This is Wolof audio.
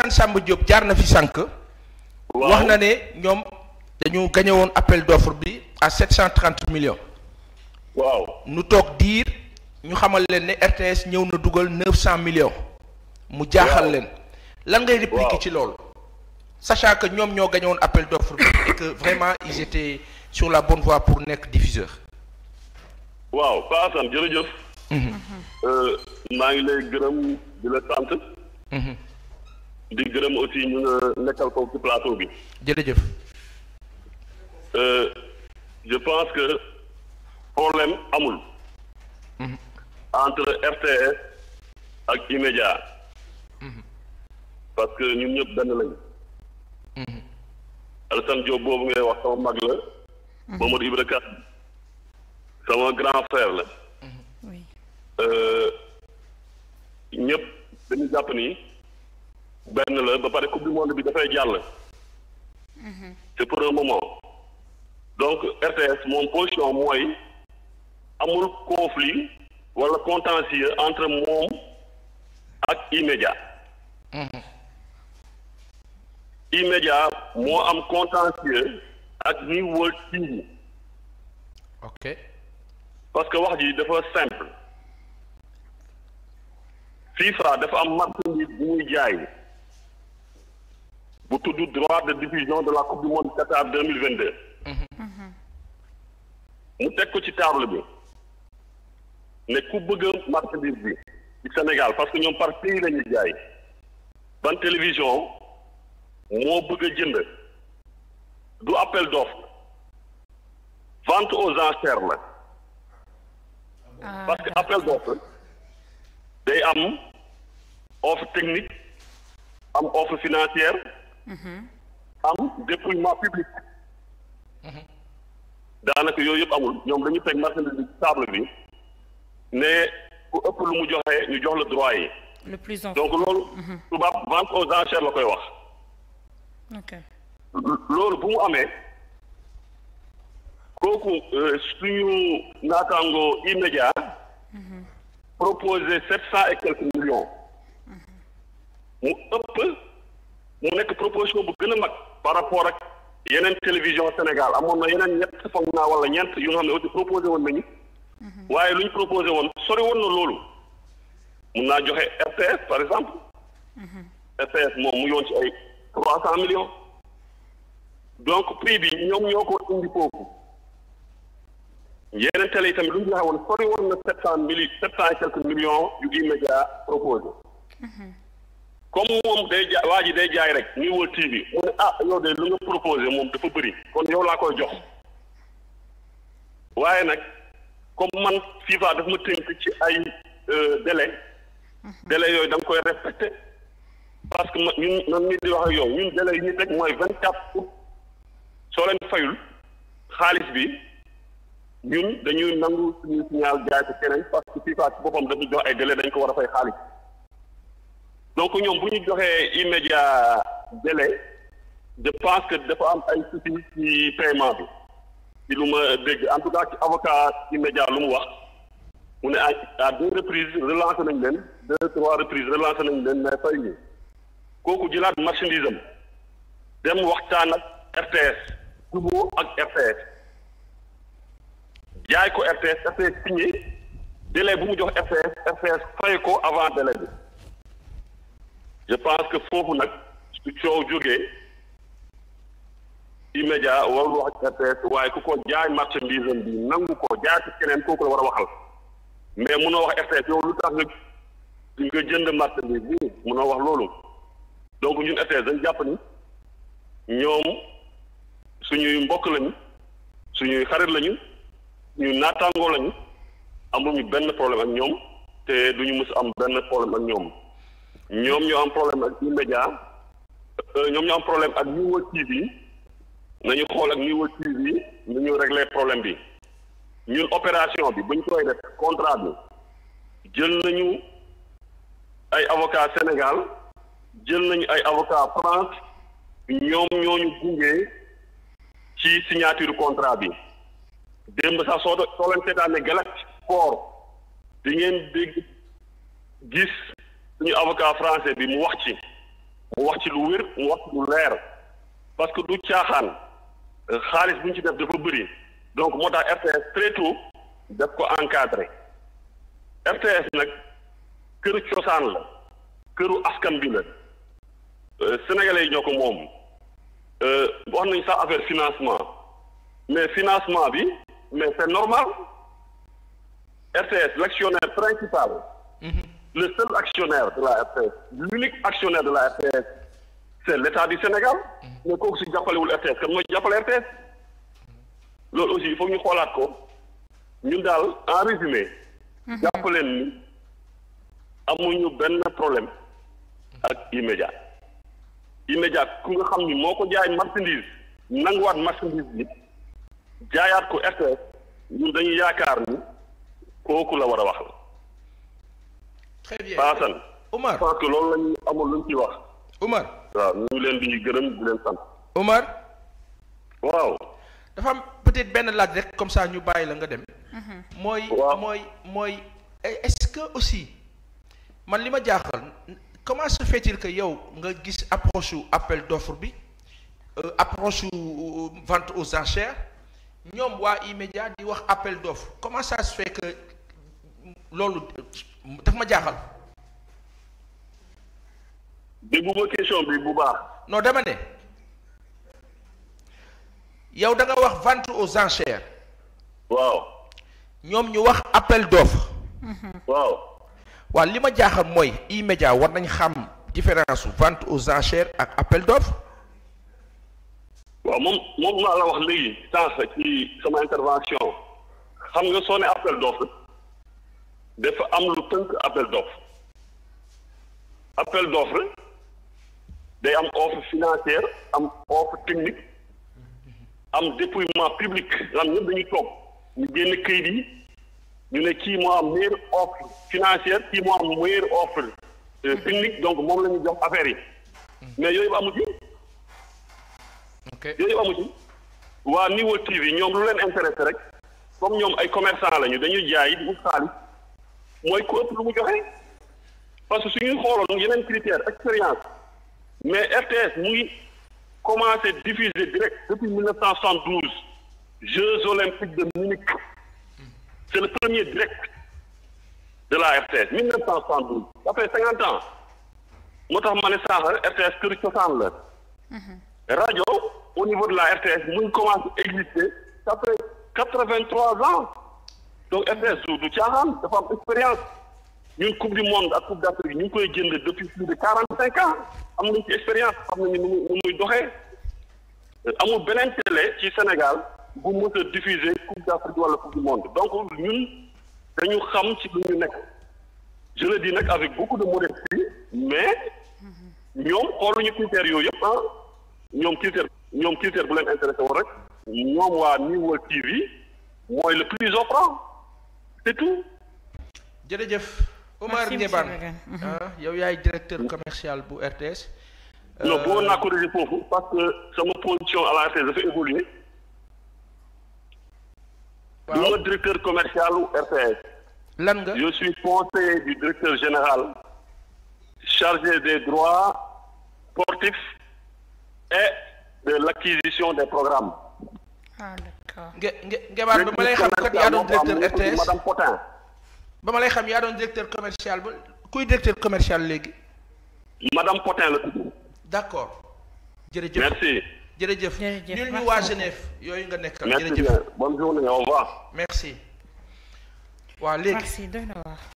Alassane Samba Diop jaar na fi sànq. wax na ne ñoom dañu gagné woon appel d'offre bi à sept cent trente millions. waaw nu toog diir ñu xamal leen ne RTS ñëw na dugal neuf cent millions. mu jaaxal leen. lan ngay répliquer ci lool sachant que ñoom ñoo gagné woon appel d'offre bi et que vraiment ils étaient sur la bonne voie pour nekk diffuseur. waaw Pa Assane jërëjëf. Mhm. Euh, maa ngi lay gërëm di la sant. Mhm. di gërëm aussi ñu nga nekkal ko ci plateau bi. jërëjëf. Euh, je pense que problème amul. Mm-hmm. entre RTS ak Emedia. Mm-hmm. parce que ñun ñëpp benn lañu. Mm-hmm. Alassane Diop boobu ngay wax sama mag la. Mamadou Ibra Kane sama grand frère la. Euh, ñëpp dañu jàpp ni. benn la ba pare coupe bi dafay jàll. Mhm. c'est pour un moment. donc RTS moom position mooy amul conflit wala contentieux entre moom ak immédiat. Mhm. immédiat moo am contentieux ak New World TV. ok parce que wax ji dafa simple. FIFA dafa am marchandise bu muy jaay. bu tudd droit de diffusion de la coupe du monde Qatar deux mille vingt mhm. mu teg ko ci table bi ne ku bëgg a bi ci Sénégal parce que ñoom par pays la jaay ban télévision moo bëgg jënd du appel d'offre vente aux enchères ah. parce que appel d'offre day am offre technique am offre financière. am dépouillement public. daanaka yooyu yëpp amul ñoom dañu teg marchandise bi table bi ne ku ëpp lu mu joxe ñu jox la droit yi. le plus en donc loolu. Mhm. tubaab vente la koy wax. ok loolu bu mu amee kooku euh, suñu naataango immédiat. Mhm. proposé sept cent et quelques millions. Mhm. mu ëpp. mu nekk proposition bu gën a mag par rapport ak yeneen télévision Sénégal amoon na yeneen ñett foog naa wala ñeent yu nga xam ne aussi proposé woon nañu mhm. waaye lu ñu proposé woon sori woon na loolu mun naa joxe RTS par exemple mhm. RTS moom mu yoon ci ay trois cent million donc prix bi ñoom ñoo ko indi foofu yeneen télé yi tamit lu ñu joxe woon sori woon na sept cent mille sept cent et million millions yu i média proposé mhm. comme moom day jaay waa ji day jaay rek ñuy wër TV mu ne ah yow de lu nga proposé moom dafa bëri kon yow laa koy jox waaye nag comme man FIFA daf ma tënk ci ay dele euh, dele mhm. yooyu da koy respecté parce que ma ñun man mii di wax yow ñun délai yi ñu teg mooy vingt quatre août soo leen fayul xaalis bi ñun dañuy nangu suñu signal jaay ko keneen parce que FIFA ci boppam dafa jox ay délai dañ ko war a fay xaalis donc ñoom bu ñu joxee immédiat délai je pense que dafa am ay souci ci paiement bi ci lu ma dégg en tout cas ci avocat immédiat lu mu wax mu ne à deux reprises relancé nañ leen deux trois reprises relancé nañ leen mais fay ñu kooku jëlaat marchandise am dem waxtaan ak RTS jubóo ak RTS jaay ko RTS RTS signé bu mu jox RTS RTS fay ko avant délai bi je pense que foofu nag su coow jógee ci média warul wax ci RTS waaye ku ko jaay marchandise bi nangu ko jaay ci keneen kooku la war a waxal mais munoo wax RTS yow lu tax nga nga jënd marchandise bi munoo wax loolu donc ñun RTS dañ jàpp ni ñoom suñuy mbokk lañu suñuy xarit lañu ñu naataangoo lañu amuñu benn problème ak ñoom te duñu mës am benn problème ak ñoom ñoom ñoo am problème ak E-Media euh, ñoom ñoo am problème ak Newo TV nañu xool ak Newo TV nu ñu régler problème bi ñun opération bi bu ñu koy def contrat bi jël nañu ay avocat Sénégal jël nañu ay avocat France ñoom ñoo ñu gunge ci signature contrat bi démb sax soo soo leen seetaanee Galaxy Sport di dégg gis ñu avocat français bi mu wax ci mu wax ci lu wér mu wax ci lu leer parce que du caaxaan xaalis bu ñu ci def dafa bëri donc moo tax RTS très tôt ko encadré RTS nag këru cosaan la këru askan bi la euh, sénégalais yi ñoo ko moom euh, wax nañ sax affaire financement mais financement bi mais c'est normal RTS l'actionnaire principal le seul actionnaire de la RTS l'unique actionnaire de la RTS c'est l'État du Sénégal mm-hmm. mais kooku si jàppalewul RTS kan mooy jàppale RTS loolu aussi il ñu xoolaat ko ñun daal en résumé mm-hmm. jàppaleen ni amuñu benn problème mm-hmm. ak immédiat immédiat ku nga xam ni moo ko jaay marchandise nanguwaat marchandise bi jaayaat ko RTS ñun dañu yaakaar ni kooku la war a wax la très bien Paasan. parce que loolu la ñu amoon lu ñu ci wax. Umar. waaw ñu ngi leen di gërëm di leen sant. Umar. waaw. dafa am peut-être benn laaj rek comme ça ñu bàyyi la nga dem. Mhm. mooy mooy mooy eh, est-ce que aussi man li ma jaaxal comment se fait-il que yow nga gis approche su appel d'offre bi euh, approche su vente aux enchères ñoom waa immédiat di wax appel d'offre comment ça se fait que. loolu daf ma jaaxal. déggu ma question bi bu baax. noo demane yow danga nga wax vente aux enchères. waaw. ñoom ñu wax appel d'offre. Mm-hmm. waaw. waaw li ma jaaxal mooy e war nañ xam différence vente aux enchères ak appel d'offre. waaw moom moom laa la wax léegi sànq ci sama intervention xam nga soo ne appel d'offre. dafa am lu tënk appel d'offre appel d'offre day am offre financière am offre technique am dépouillement public nga xam ñëpp dañuy toog ñu génn këyit yi ñu ne kii moo am meilleure offre financière kii moo am meilleure offre euh, technique donc moom la ñu jox affaire yi mais yooyu ba amu ci yooyu ba amu ci waa niveau TV ñoom lu leen intéressé rek comme ñoom ay commerçant lañu dañuy jaay di ut xaalis mooy ku ëpp lu mu joxe parce que su ñuy xooloon yeneen critère expérience mais RTS mu ngi commencé diffuser direct depuis mille neuf cent soixante douze Jeux olympiques de Munich c' est le premier de la RTS mille neuf cent soixante douze ça fait cinquante ans moo tax ma ne sànq RTS kër cosaan la rajo au niveau de la RTS mu ngi commencé exister ça fait quatre vingt trois donc RTS du du caaxaan dafa am expérience ñun coupe du monde ak coupe d'Afrique ñu ngi koy jënd depuis plus de quarante cinq ans am nañ ci expérience xam nañu nu muy nu muy doxee amul beneen télé ci Sénégal bu mës a diffuser coupe d'Afrique wala coupe du monde donc ñun dañu xam ci lu ñu nekk je le nag avec beaucoup de modestie mais ñoom xooluñu critères yooyu yëpp ah ñoom critère ñoom critère bu leen intéressé woon rek ñoom waa New World TV mooy le plus offrant c'est tout. jërëjëf Omar Ndiébane ah, yow yaay directeur commercial bu RTS. Euh, non bëggoon naa corriger foofu parce que sama position à la RTS dafa évoluer waaw directeur commercial bu RTS. lan nga je suis conseiller du directeur général chargé des droits sportifs et de l'acquisition des programmes. Ah, nge nge ngebaat ba ma lay xam kat yaa doon directeur RTS ba ma lay xam yaa doon directeur commercial ba kuy directeur commercial léegi. madame Potin la tudd. d' accord. jërëjëf merci jërëjëf. jërëjëf ñun ñu waa Genève yooyu nga nekkal. jërëjëf merci bonne journée au revoir. merci. waa léegi